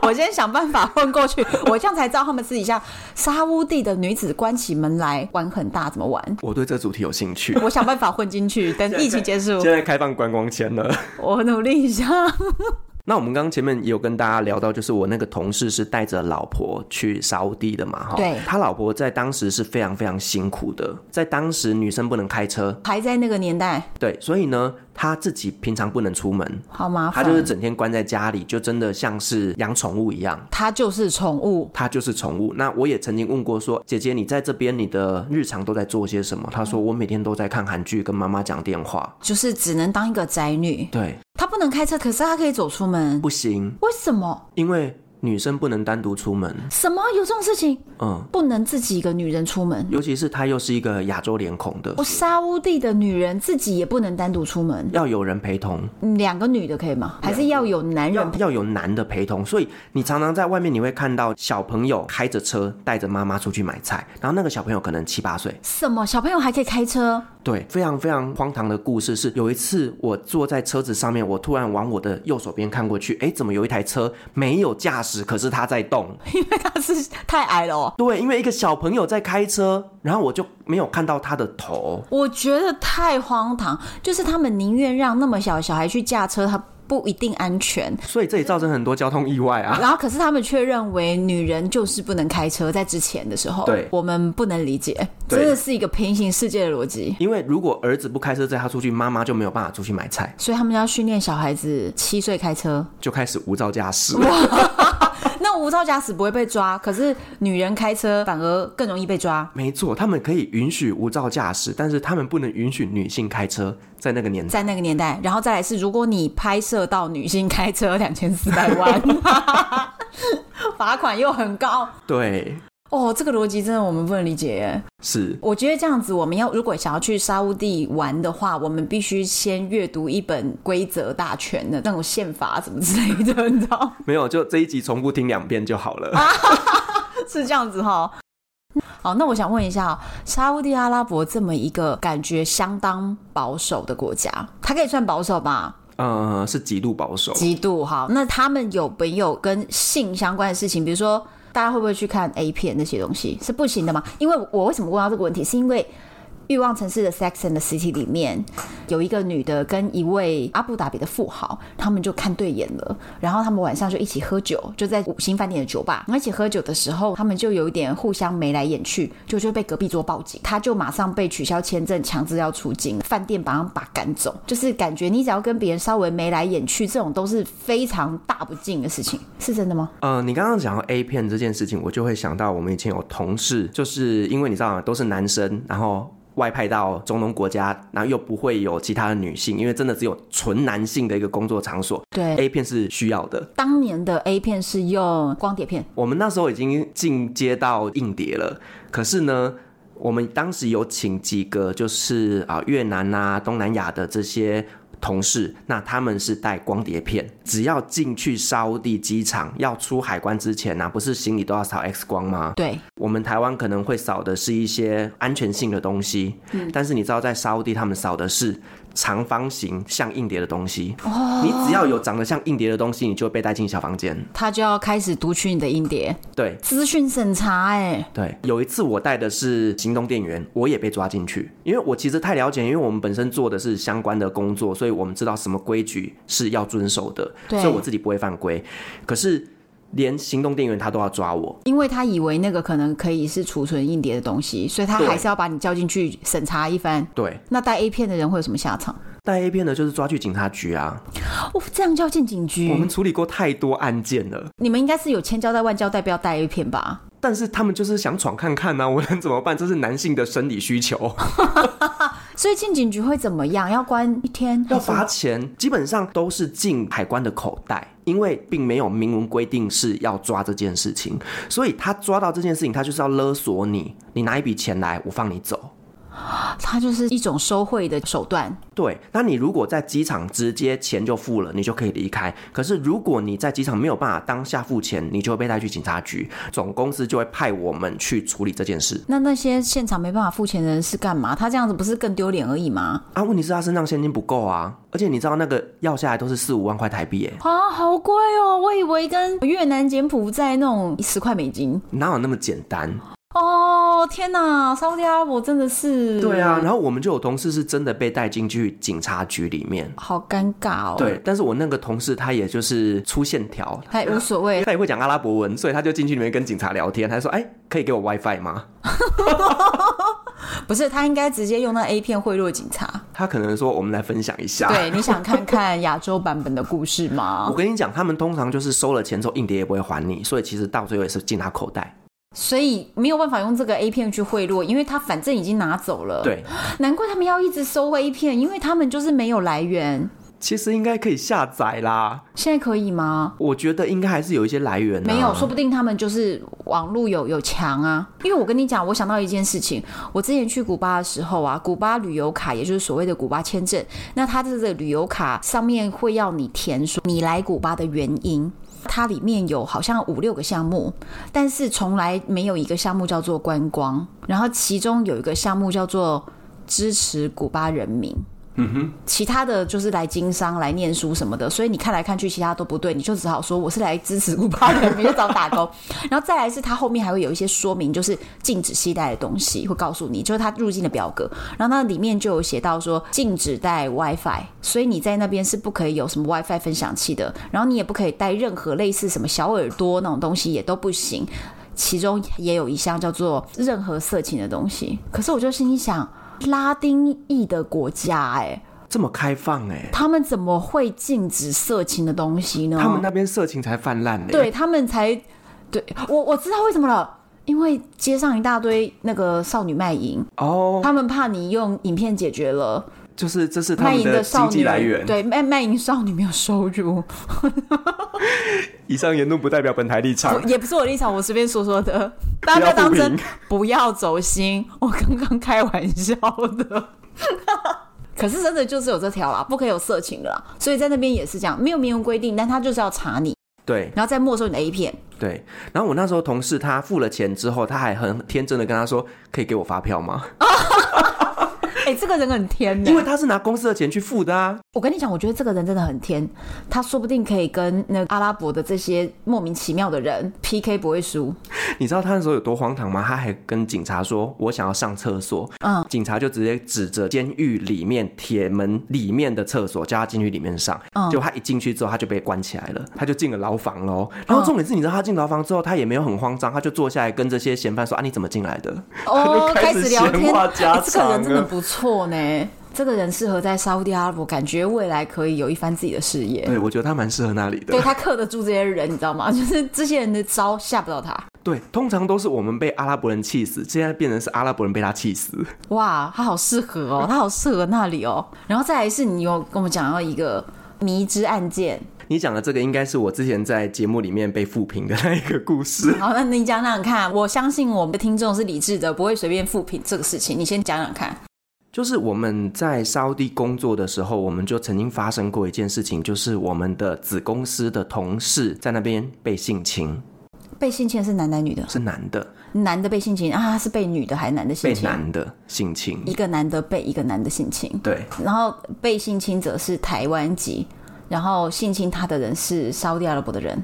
我先想辦法混過去， 我這樣才知道他們私底下沙烏地的女子關起門來玩很大，怎麼玩？我對這主題有興趣，我想辦法混進去。等疫情結束，現在，現在開放觀光簽了，我努力一下。 那我們剛剛前面也有跟大家聊到，就是我那個同事是帶着老婆去沙地的嘛哈。對。他老婆在當時是非常非常辛苦的，在當時女生不能開車，還在那個年代。對，所以呢，他自己平常不能出門，好麻煩。他就是整天關在家裡，就真的像是養寵物一樣。他就是寵物，他就是寵物，物。那我也曾經問過說，姐姐，你在這邊你的日常都在做些什麼？他說，我每天都在看韓劇，跟媽媽講電話，就是只能當一個宅女。對。他不能開車，可是他可以走出門。不行，為什麼？因為。女生不能單獨出門，什麼？有這種事情？嗯，不能自己一個女人出門，尤其是她又是一個亞洲臉孔的，我沙烏地的女人自己也不能單獨出門，要有人陪同。兩個女的可以嗎？還是要有男人要？要有男的陪同。所以你常常在外面你會看到小朋友開着車帶着媽媽出去買菜，然後那個小朋友可能七八歲，什麼？小朋友還可以開車？對，非常非常荒唐的故事是，有一次我坐在車子上面，我突然往我的右手邊看過去，哎，怎麼有一台車沒有駕駛。可是他在動，因為他是太矮了哦。對，因為一個小朋友在開車，然後我就沒有看到他的頭。我覺得太荒唐，就是他們寧願讓那麼小的小孩去駕車，他。不一定安全，所以這也造成很多交通意外啊。就是、然後，可是他們卻認為女人就是不能開車。在之前的時候，對，我們不能理解，真的是一個平行世界的邏輯。因為如果兒子不開車載他出去，媽媽就沒有辦法出去買菜。所以他們要訓練小孩子七歲開車，就開始無照駕駛了。哇，那無照駕駛不會被抓，可是女人開車反而更容易被抓。沒錯，他們可以允許無照駕駛，但是他們不能允許女性開車。在那個年代，在那個年代，然後再來是，如果你拍攝到女性開車，兩千四百萬，罰 款又很高，對，哦，oh，這個邏輯真的我們不能理解。是，我覺得這樣子，我們要如果想要去沙烏地玩的話，我們必須先閱讀一本規則大全的那種憲法什麼之類的，你知道？ 沒有，就這一集重複聽兩遍就好了。 是這樣子哈。好，那我想問一下，沙烏地阿拉伯這麼一個感覺相當保守的國家，它可以算保守嗎？嗯、呃，是極度保守。極度，好。那他們有沒有跟性相關的事情？比如說，大家會不會去看 A 片那些東西是不行的嗎？因為我為什麼問到這個問題，是因為。《欲望城市的 Sex and the City》裡面有一個女的跟一位阿布達比的富豪，他們就看對眼了，然後他們晚上就一起喝酒，就在五星飯店的酒吧，然後一起喝酒的時候，他們就有一點互相眉來眼去，就就被隔壁桌報警，他就馬上被取消簽證，強制要出境，飯店把他們把趕走。就是感覺你只要跟別人稍微眉來眼去，這種都是非常大不敬的事情，是真的嗎？呃，你剛剛講到 A 片這件事情，我就會想到我們以前有同事，就是因為你知道嗎，都是男生，然後。外派到中東國家，然後又不會有其他的女性，因為真的只有純男性的一個工作場所。對，A 片是需要的。當年的 A 片是用光碟片，我們那時候已經進階到硬碟了。可是呢，我們當時有請幾個就是啊、呃、越南啊東南亞的這些同事，那他們是帶光碟片。只要進去沙烏地機場要出海關之前吶、啊，不是行李都要掃 X 光嗎？對，我們台灣可能會掃的是一些安全性的東西，嗯、但是你知道在沙烏地他們掃的是長方形像硬碟的東西。哦，你只要有長得像硬碟的東西，你就會被帶進小房間，他就要開始讀取你的硬碟。對，資訊審查、欸。哎，對，有一次我帶的是行動電源，我也被抓進去，因為我其實太了解，因為我們本身做的是相關的工作，所以我們知道什麼規矩是要遵守的。對，所以我自己不會犯規，可是連行動電源他都要抓我，因為他以為那個可能可以是儲存硬碟的東西，所以他還是要把你交進去審查一番。對，那帶 A 片的人會有什麼下場？帶 A 片的就是抓去警察局啊！我、哦、這樣叫進警局，我們處理過太多案件了。你們應該是有千交代萬交代，不要帶 A 片吧？但是他們就是想闖看看啊，我能怎麼辦？這是男性的生理需求。 所以進警局會怎麼樣？要關一天，要罰錢，基本上都是進海關的口袋，因為並沒有明文規定是要抓這件事情，所以他抓到這件事情，他就是要勒索你，你拿一筆錢來，我放你走。它就是一種收賄的手段。對，那你如果在機場直接錢就付了，你就可以離開。可是如果你在機場沒有辦法當下付錢，你就會被帶去警察局，總公司就會派我們去處理這件事。那那些現場沒辦法付錢的人是幹嘛？他這樣子不是更丟臉而已嗎？啊，問題是他身上現金不夠啊！而且你知道那個要下來都是四五萬塊台幣耶，啊，好貴哦！我以為跟越南、柬埔寨那種十塊美金，哪有那麼簡單？天哪我天吶，沙烏地阿拉伯真的是對啊，然後我們就有同事是真的被帶進去警察局裡面，好尷尬哦。對，但是我那個同事他也就是粗線條，他也無所謂，他也會講阿拉伯文，所以他就進去裡面跟警察聊天，他就說：“哎、欸，可以給我 WiFi 嗎？” 不是，他應該直接用那 A 片賄賂警察。他可能說：“我們來分享一下。 ”對，你想看看亞洲版本的故事嗎？ 我跟你講，他們通常就是收了錢之後，硬碟也不會還你，所以其實到最後也是進他口袋。所以沒有辦法用這個 A 片去賄賂，因為他反正已經拿走了。對，難怪他們要一直收 A 片，因為他們就是沒有來源。其實應該可以下載啦，現在可以嗎？我覺得應該還是有一些來源啊。沒有，說不定他們就是網絡有有牆啊。嗯。因為我跟你講，我想到一件事情，我之前去古巴的時候啊，古巴旅遊卡，也就是所謂的古巴簽證，那他這個旅遊卡上面會要你填說你來古巴的原因。它裡面有好像五六個項目，但是從來沒有一個項目叫做觀光，然後其中有一個項目叫做支持古巴人民。嗯哼、其他的就是來經商、來念書什麼的，所以你看來看去，其他都不對，你就只好說我是來支持烏帕的，你就找打工。 然後再來是，他後面還會有一些說明，就是禁止攜帶的東西會告訴你，就是他入境的表格。然後那裡面就有寫到說禁止帶 WiFi，所以你在那邊是不可以有什麼 WiFi 分享器的，然後你也不可以帶任何類似什麼小耳朵那種東西也都不行。其中也有一項叫做任何色情的東西。可是我就心裡想。拉丁裔的國家、欸，哎，這麼開放哎、欸，他們怎麼會禁止色情的東西呢？他們那邊色情才泛濫呢。對，他們才，對，我，我知道為什麼了，因為街上一大堆那個少女賣淫哦，他們怕你用影片解決了，就是這是他們的經濟來源，賣對賣賣淫少女沒有收入。 以上言論不代表本台立場，也不是我立場，我隨便說說的，大家不要當真，不要走心。我剛剛開玩笑的， 可是真的就是有這條啦，不可以有色情的啦，所以在那邊也是這樣，沒有明文規定，但他就是要查你，對，然後再沒收你的 A 片，對。然後我那時候同事他付了錢之後，他還很天真的跟他說：“可以給我發票嗎？” 哎、欸，這個人很天、欸，因為他是拿公司的錢去付的啊！我跟你講，我覺得這個人真的很天，他說不定可以跟那個阿拉伯的這些莫名其妙的人 PK 不會輸。你知道他那時候有多荒唐嗎？他還跟警察說：“我想要上廁所。”嗯，警察就直接指着監獄裡面鐵門裡面的廁所，叫他進去裡面上。嗯、就他一進去之後，他就被關起來了，他就進了牢房嘍。然後重點是，你知道他進牢房之後，他也沒有很慌張、嗯，他就坐下來跟這些嫌犯說：“啊，你怎麼進來的？”哦，開始聊天、欸，這個人真的不錯。錯呢，這個人適合在沙烏地阿拉伯，感覺未來可以有一番自己的事業。對，我覺得他蠻適合那裡的。對，他克得住這些人，你知道嗎？就是這些人的招嚇不到他。對，通常都是我們被阿拉伯人氣死，現在變成是阿拉伯人被他氣死。哇，他好適合哦、喔，他好適合那裡哦、喔。然後再來是你有跟我們講到一個謎之案件，你講的這個應該是我之前在節目裡面被負評的那一個故事。好，那你講講看，我相信我們的聽眾是理智的，不會隨便負評這個事情。你先講講看。就是我們在 Saudi 工作的時候，我們就曾經發生過一件事情，就是我們的子公司的同事在那邊被性侵。被性侵的是男的、女的？是男的。男的被性侵啊？是被女的還是男的性侵？被男的性侵，一個男的被一個男的性侵。對。然後被性侵者是台灣籍，然後性侵他的人是 Saudi 阿拉伯的人。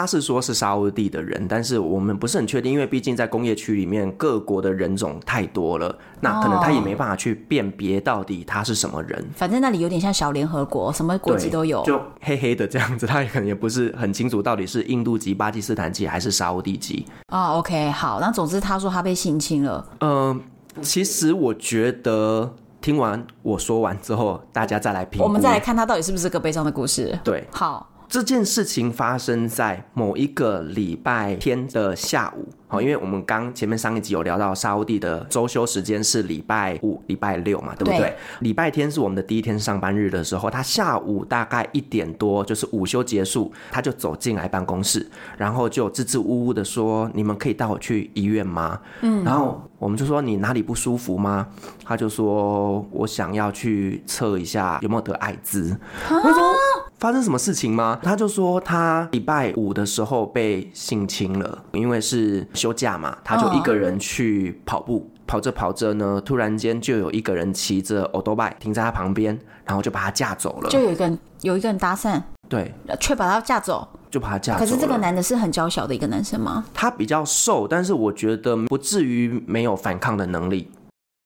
他是說是沙烏地的人，但是我們不是很確定，因為畢竟在工業區裡面各國的人種太多了，那可能他也沒辦法去辨別到底他是什麼人。哦，反正那裡有點像小聯合國，什麼國籍都有，就黑黑的這樣子，他也可能也不是很清楚到底是印度籍、巴基斯坦籍還是沙烏地籍。哦，OK，好，那總之他說他被性侵了。嗯、呃，其實我覺得聽完我說完之後，大家再來評，我們再來看他到底是不是個悲傷的故事。對，好。這件事情發生在某一個禮拜天的下午，好，因為我們剛前面上一集有聊到沙烏地的周休時間是禮拜五、禮拜六嘛，對不對，對？禮拜天是我們的第一天上班日的時候，他下午大概一點多，就是午休結束，他就走進來辦公室，然後就支支吾吾的說：“你們可以帶我去醫院嗎？”嗯，然後我們就說：“你哪裡不舒服嗎？”他就說：“我想要去測一下有沒有得艾滋。啊”發生什麼事情嗎？他就說他禮拜五的時候被性侵了，因為是休假嘛，他就一個人去跑步，oh. 跑着跑着呢，突然間就有一個人騎着歐多拜停在他旁邊，然後就把他架走了。就有一個有一個人搭訕，對，卻把他架走，就把他架走了。可是這個男的是很嬌小的一個男生嗎？他比較瘦，但是我覺得不至於沒有反抗的能力。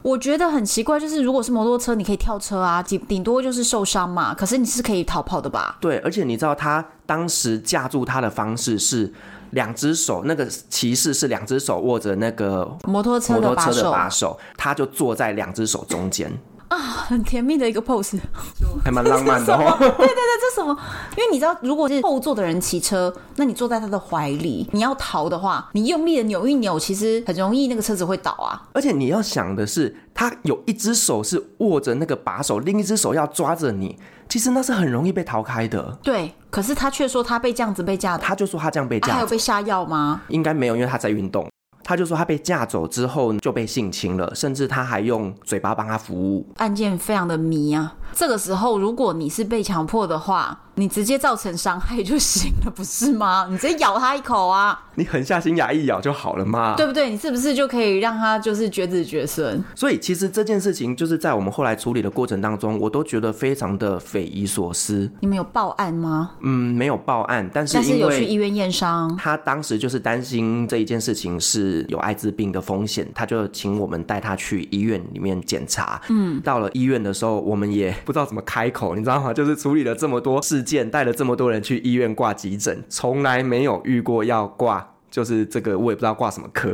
我覺得很奇怪，就是如果是摩托車，你可以跳車啊，頂多就是受傷嘛。可是你是可以逃跑的吧？對，而且你知道他當時架住他的方式是兩隻手，那個騎士是兩隻手握着那個摩托車的把手，手，他就坐在兩隻手中間。 啊，很甜蜜的一個 pose，還蠻浪漫的哦。對對對，這是什麼？因為你知道，如果是後座的人騎車，那你坐在他的懷裡，你要逃的話，你用力的扭一扭，其實很容易那個車子會倒啊。而且你要想的是，他有一隻手是握着那個把手，另一隻手要抓着你，其實那是很容易被逃開的。對，可是他卻說他被這樣子被架的，他就說他這樣被架的，他、啊、有被下藥嗎？應該沒有，因為他在運動。他就說，他被架走之後就被性侵了，甚至他還用嘴巴幫他服務。案件非常的迷啊！這個時候，如果你是被強迫的話。你直接造成傷害就行了，不是嗎？你直接咬他一口啊！你狠下心牙一咬就好了嘛，對不對？你是不是就可以讓他就是絕子絕孫？所以其實這件事情就是在我們後來處理的過程當中，我都覺得非常的匪夷所思。你們有報案嗎？嗯，沒有報案，但是但是有去醫院驗傷。他當時就是擔心這一件事情是有艾滋病的風險，他就請我們帶他去醫院裡面檢查。嗯，到了醫院的時候，我們也不知道怎麼開口，你知道嗎？就是處理了這麼多事。簡帶了這麼多人去醫院掛急診，從來沒有遇過要掛，就是這個我也不知道掛什麼科。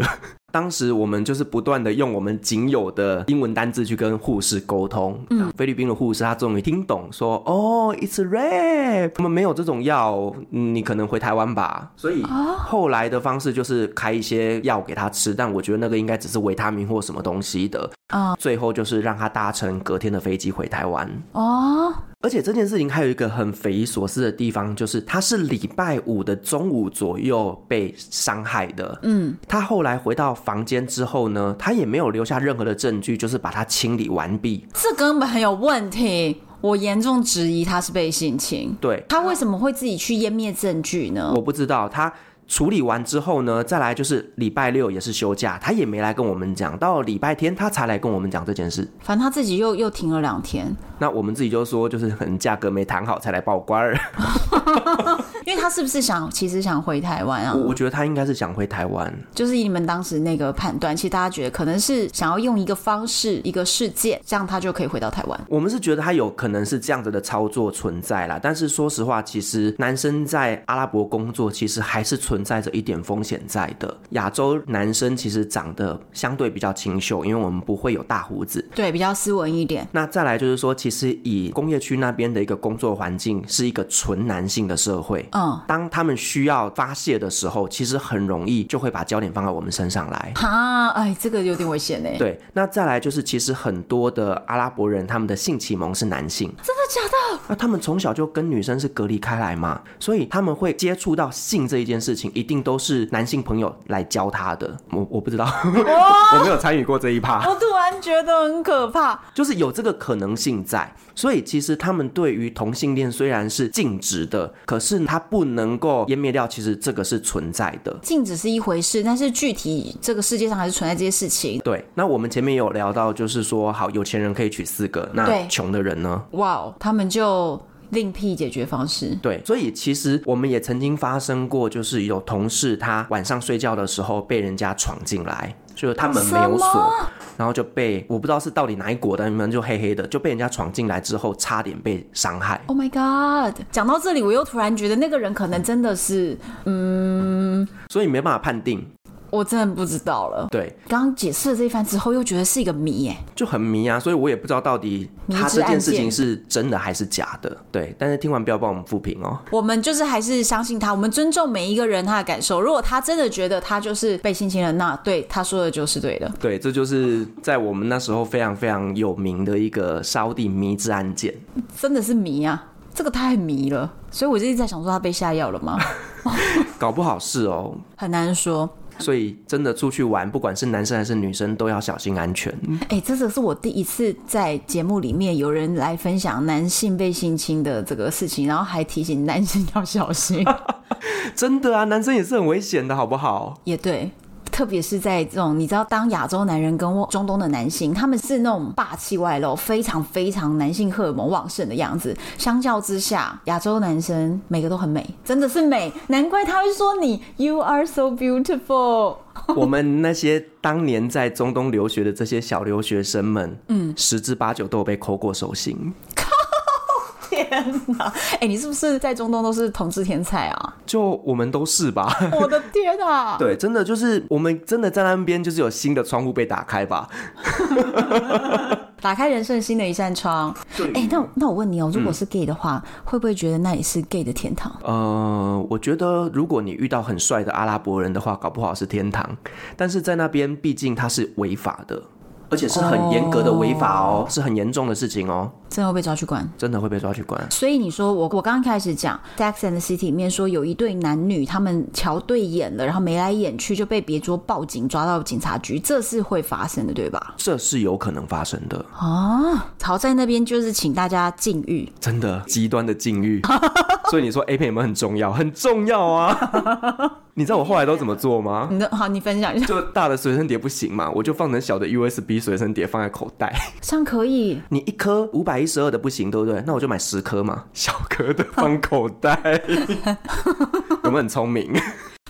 當時我們就是不斷的用我們僅有的英文單字去跟護士溝通。嗯，菲律賓的護士他終於聽懂說，說、嗯、哦，it's rare，我們沒有這種藥，你可能回台灣吧。所以後來的方式就是開一些藥給他吃，但我覺得那個應該只是維他命或什麼東西的。啊、嗯，最後就是讓他搭乘隔天的飛機回台灣。哦，而且這件事情還有一個很匪夷所思的地方，就是他是禮拜五的中午左右被傷害的。嗯，他後來回到。房間之後呢，他也沒有留下任何的證據，就是把它清理完畢。這根本很有問題，我嚴重質疑他是被性侵。對他為什麼會自己去湮滅證據呢？我不知道他。處理完之後呢，再來就是禮拜六也是休假，他也沒來跟我們講。到禮拜天他才來跟我們講這件事。反正他自己又又停了兩天。那我們自己就說，就是可能價格沒談好才來報官。 因為他是不是想其實想回台灣啊？我覺得他應該是想回台灣。就是以你們當時那個判斷，其實大家覺得可能是想要用一個方式，一個世界，這樣他就可以回到台灣。我們是覺得他有可能是這樣子的操作存在啦。但是說實話，其實男生在阿拉伯工作，其實還是存。存在着一點風險在的亞洲男生，其實長得相對比較清秀，因為我們不會有大鬍子，對，比較斯文一點。那再來就是說，其實以工業區那邊的一個工作環境，是一個純男性的社會。嗯，當他們需要發洩的時候，其實很容易就會把焦點放在我們身上來。哈、啊，哎，這個有點危險呢。對，那再來就是，其實很多的阿拉伯人他們的性啟蒙是男性，真的假的？那他們從小就跟女生是隔離開來嘛，所以他們會接觸到性這一件事情，一定都是男性朋友來教他的，我我不知道，我 沒有參與過這一趴。我突然覺得很可怕，就是有這個可能性在。所以其實他們對於同性戀雖然是禁止的，可是它不能夠湮滅掉，其實這個是存在的。禁止是一回事，但是具體這個世界上還是存在這些事情。對，那我們前面有聊到，就是說，好，有錢人可以娶四個，那窮的人呢？哇哦，wow, 他們就。另闢解決方式，對，所以其實我們也曾經發生過，就是有同事他晚上睡覺的時候被人家闖進來，就是他們沒有鎖，然後就被我不知道是到底哪一國的，你們就黑黑的就被人家闖進來之後，差點被傷害。Oh my god！講到這裡，我又突然覺得那個人可能真的是，嗯，所以沒辦法判定。我真的不知道了。對，剛剛解釋了這一番之後，又覺得是一個謎，哎，就很迷啊，所以我也不知道到底他這件事情是真的還是假的。對，但是聽完不要幫我們負評哦。我們就是還是相信他，我們尊重每一個人他的感受。如果他真的覺得他就是被性侵了，那對，他說的就是對的。對，這就是在我們那時候非常非常有名的一個沙烏地迷之案件，真的是迷啊，這個太迷了。所以我就一直在想，說他被下藥了嗎？ 搞不好是哦、喔，很難說。所以，真的出去玩，不管是男生還是女生，都要小心安全。哎、欸，這是我第一次在節目裡面有人來分享男性被性侵的這個事情，然後還提醒男性要小心。 真的啊，男生也是很危險的，好不好？也對。特別是在這種，你知道，當亞洲男人跟我中東的男性，他們是那種霸氣外露、非常非常男性荷爾蒙旺盛的樣子。相較之下，亞洲男生每個都很美，真的是美，難怪他會說你 “You are so beautiful”。我們那些當年在中東留學的這些小留學生們， 嗯，十之八九都有被摳過手心。天 哎、欸，你是不是在中東都是同志天才啊？就我們都是吧。 我的天吶、啊！對，真的就是我們真的在那邊就是有新的窗戶被打開吧， 打開人生新的一扇窗。對。哎、欸，那那我問你哦、喔，如果是 gay 的話，嗯、會不會覺得那也是 gay 的天堂？呃，我覺得如果你遇到很帥的阿拉伯人的話，搞不好是天堂。但是在那邊，畢竟他是違法的。而且是很嚴格的違法哦，oh，是很嚴重的事情哦，真的會被抓去關，真的會被抓去關。所以你說我我剛剛開始講《Sex and the City》裡面說有一對男女他們瞧對眼了，然後眉來眼去就被別桌報警抓到警察局，這是會發生的對吧？這是有可能發生的哦。好、啊、在那邊就是請大家禁欲，真的極端的禁欲。 所以你說 A 片有沒有很重要？很重要啊！ 你知道我後來都怎麼做嗎？你的好，你分享一下。就大的隨身碟不行嘛，我就放成小的 USB 隨身碟，放在口袋。這樣可以。你一顆五百一十二的不行，對不對？那我就買十顆嘛，小顆的放口袋。我 們很聰明。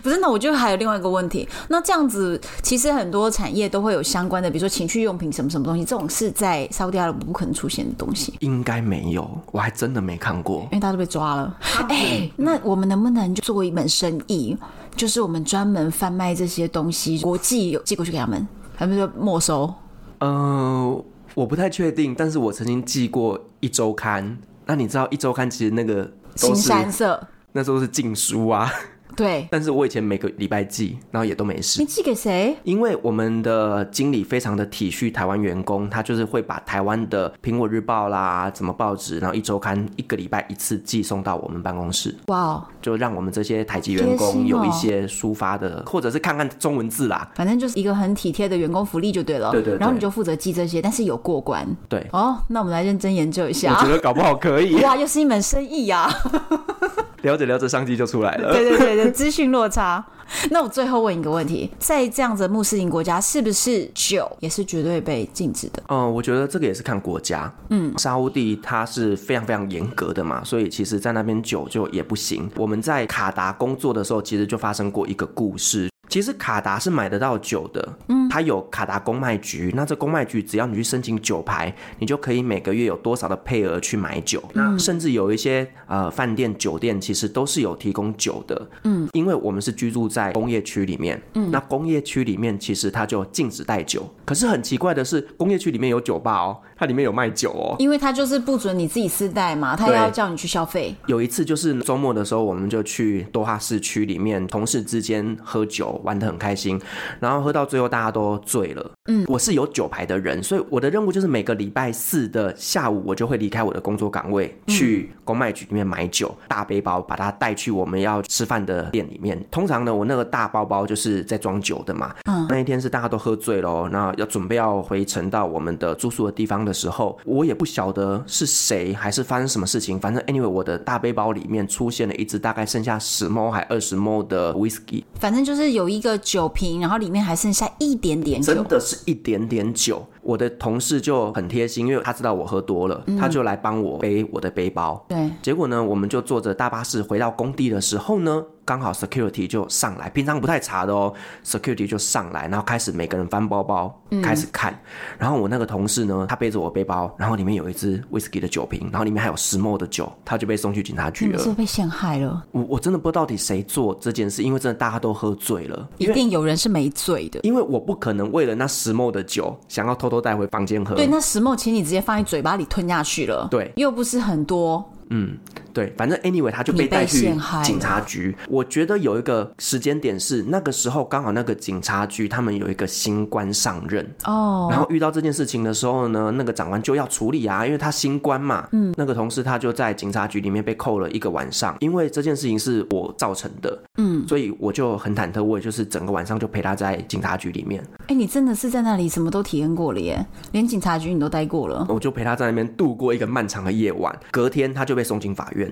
不是，那我就還有另外一個問題。那這樣子，其實很多產業都會有相關的，比如說情趣用品什麼什麼東西，這種是在沙烏地不可能出現的東西。應該沒有，我還真的沒看過，因為大家都被抓了。哎、啊、欸、嗯，那我們能不能就做一本生意？就是我們專門販賣這些東西，國際有寄過去給他們，他們就沒收。呃、uh,，我不太確定，但是我曾經寄過一週刊。那你知道一週刊其實那個都是《腥羶色》那時候是禁書啊。對，但是我以前每個禮拜寄，然後也都沒事。你寄給誰？因為我們的經理非常的體恤台灣員工，他就是會把台灣的《蘋果日報》啦，怎麼報紙，然後《壹週刊》一個禮拜一次寄送到我們辦公室。哇，就讓我們這些台籍員工有一些抒發的，或者是看看中文字啦，反正就是一個很體貼的員工福利就對了。對對對。然後你就負責寄這些，但是有過關。對。哦，那我們來認真研究一下。我覺得搞不好可以。 哇，又是一門生意啊。 聊着聊着商機就出來了。對對對對，資訊落差。 那我最後問一個問題，在這樣子的穆斯林國家，是不是酒也是絕對被禁止的？嗯，我覺得這個也是看國家。嗯，沙烏地它是非常非常嚴格的嘛，所以其實，在那邊酒就也不行。我們在卡達工作的時候，其實就發生過一個故事。其實卡達是買得到酒的，嗯，它有卡達公賣局，那這公賣局只要你去申請酒牌，你就可以每個月有多少的配額去買酒，那、嗯、甚至有一些呃飯店、酒店其實都是有提供酒的，嗯，因為我們是居住在工業區裡面，嗯，那工業區裡面其實它就禁止帶酒，可是很奇怪的是工業區裡面有酒吧哦。它裡面有賣酒哦，因為他就是不准你自己私帶嘛，他要叫你去消費。有一次就是周末的時候，我們就去多哈市區裡面，同事之間喝酒，玩得很開心，然後喝到最後大家都醉了。嗯，我是有酒牌的人，所以我的任務就是每個禮拜四的下午，我就會離開我的工作崗位，去公賣局裡面買酒，大背包把它帶去我們要吃飯的店裡面。通常呢，我那個大包包就是在裝酒的嘛。嗯，那一天是大家都喝醉了，那要準備要回程到我們的住宿的地方的時候，我也不曉得是誰，還是發生什麼事情，反正 anyway 我的大背包裡面出現了一支大概剩下十 ml 還二十 ml 的 whiskey，反正就是有一個酒瓶，然後裡面還剩下一點點，真的是。一點點酒。我的同事就很貼心，因為他知道我喝多了，他就來幫我背我的背包嗯嗯。對，結果呢，我們就坐着大巴士回到工地的時候呢，剛好 security 就上來，平常不太查的哦，security 就上來，然後開始每個人翻包包，開始看。嗯、然後我那個同事呢，他背着我的背包，然後裡面有一支 whiskey 的酒瓶，然後裡面還有 10ml 的酒，他就被送去警察局了。你們是被陷害了？我我真的不知道到底誰做這件事，因為真的大家都喝醉了，一定有人是沒醉的。因為我不可能為了那 10ml 的酒想要偷偷。都帶回房間喝。對，那石墨請你直接放在嘴巴裡吞下去了。對，又不是很多。嗯。對，反正 anyway，他就被帶去警察局。我覺得有一個時間點是那個時候，剛好那個警察局他們有一個新官上任哦，oh. 然後遇到這件事情的時候呢，那個長官就要處理啊，因為他新官嘛，嗯，那個同事他就在警察局裡面被扣了一個晚上，因為這件事情是我造成的，嗯，所以我就很忐忑，我也就是整個晚上就陪他在警察局裡面。哎，你真的是在那裡什麼都體驗過了耶，連警察局你都待過了，我就陪他在那邊度過一個漫長的夜晚。隔天他就被送進法院。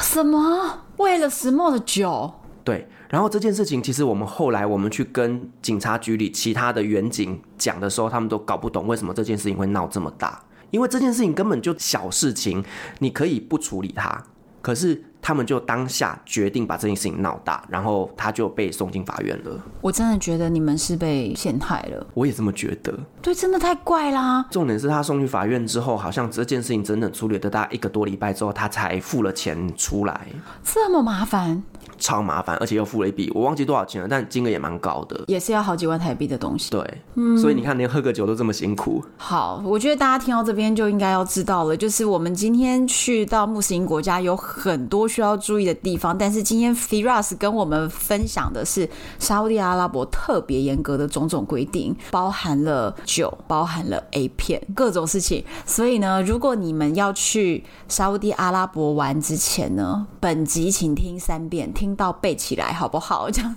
什麼？為了石墨的酒？對。然後這件事情，其實我們後來我們去跟警察局裡其他的員警講的時候，他們都搞不懂為什麼這件事情會鬧這麼大，因為這件事情根本就小事情，你可以不處理它。可是。他們就當下決定把這件事情鬧大，然後他就被送進法院了。我真的覺得你們是被陷害了，我也這麼覺得。對，真的太怪啦！重點是他送去法院之後，好像這件事情整整處理了大概一個多禮拜之後，他才付了錢出來，這麼麻煩。超麻煩，而且又付了一筆，我忘記多少錢了，但金額也蠻高的，也是要好幾萬台幣的東西。對，嗯，所以你看，連喝個酒都這麼辛苦。好，我覺得大家聽到這邊就應該要知道了，就是我們今天去到穆斯林國家有很多需要注意的地方，但是今天 Firas 跟我們分享的是沙烏地阿拉伯特別嚴格的種種規定，包含了酒，包含了 A 片，各種事情。所以呢，如果你們要去沙烏地阿拉伯玩之前呢，本集請聽三遍，聽。到背起來，好不好？這樣，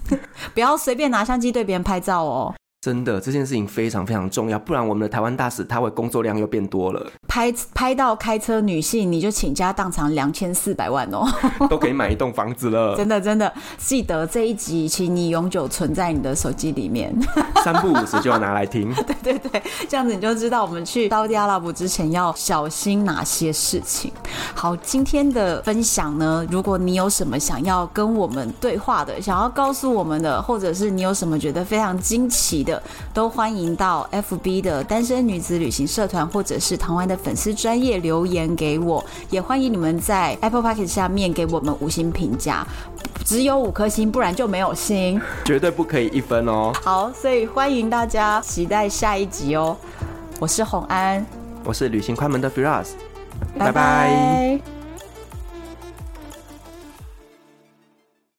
不要隨便拿相機對別人拍照哦。真的，這件事情非常非常重要，不然我們的台灣大使他會工作量又變多了。拍拍到開車女性，你就傾家蕩產，兩千四百萬哦、喔， 都可以買一棟房子了。 真的真的，記得這一集，請你永久存在你的手機裡面， 三不五時就要拿來聽。 對對對，這樣子你就知道我們去沙地阿拉伯之前要小心哪些事情。好，今天的分享呢，如果你有什麼想要跟我們對話的，想要告訴我們的，或者是你有什麼覺得非常驚奇的，都歡迎到 FB 的單身女子旅行社團，或者是台灣的。粉絲專頁留言給我，也歡迎你們在 Apple Podcast 下面給我們五星評價，只有五顆星，不然就沒有星，絕對不可以一分哦。好，所以歡迎大家期待下一集哦。我是宏安，我是旅行快門的 Firas，拜拜。Bye bye bye bye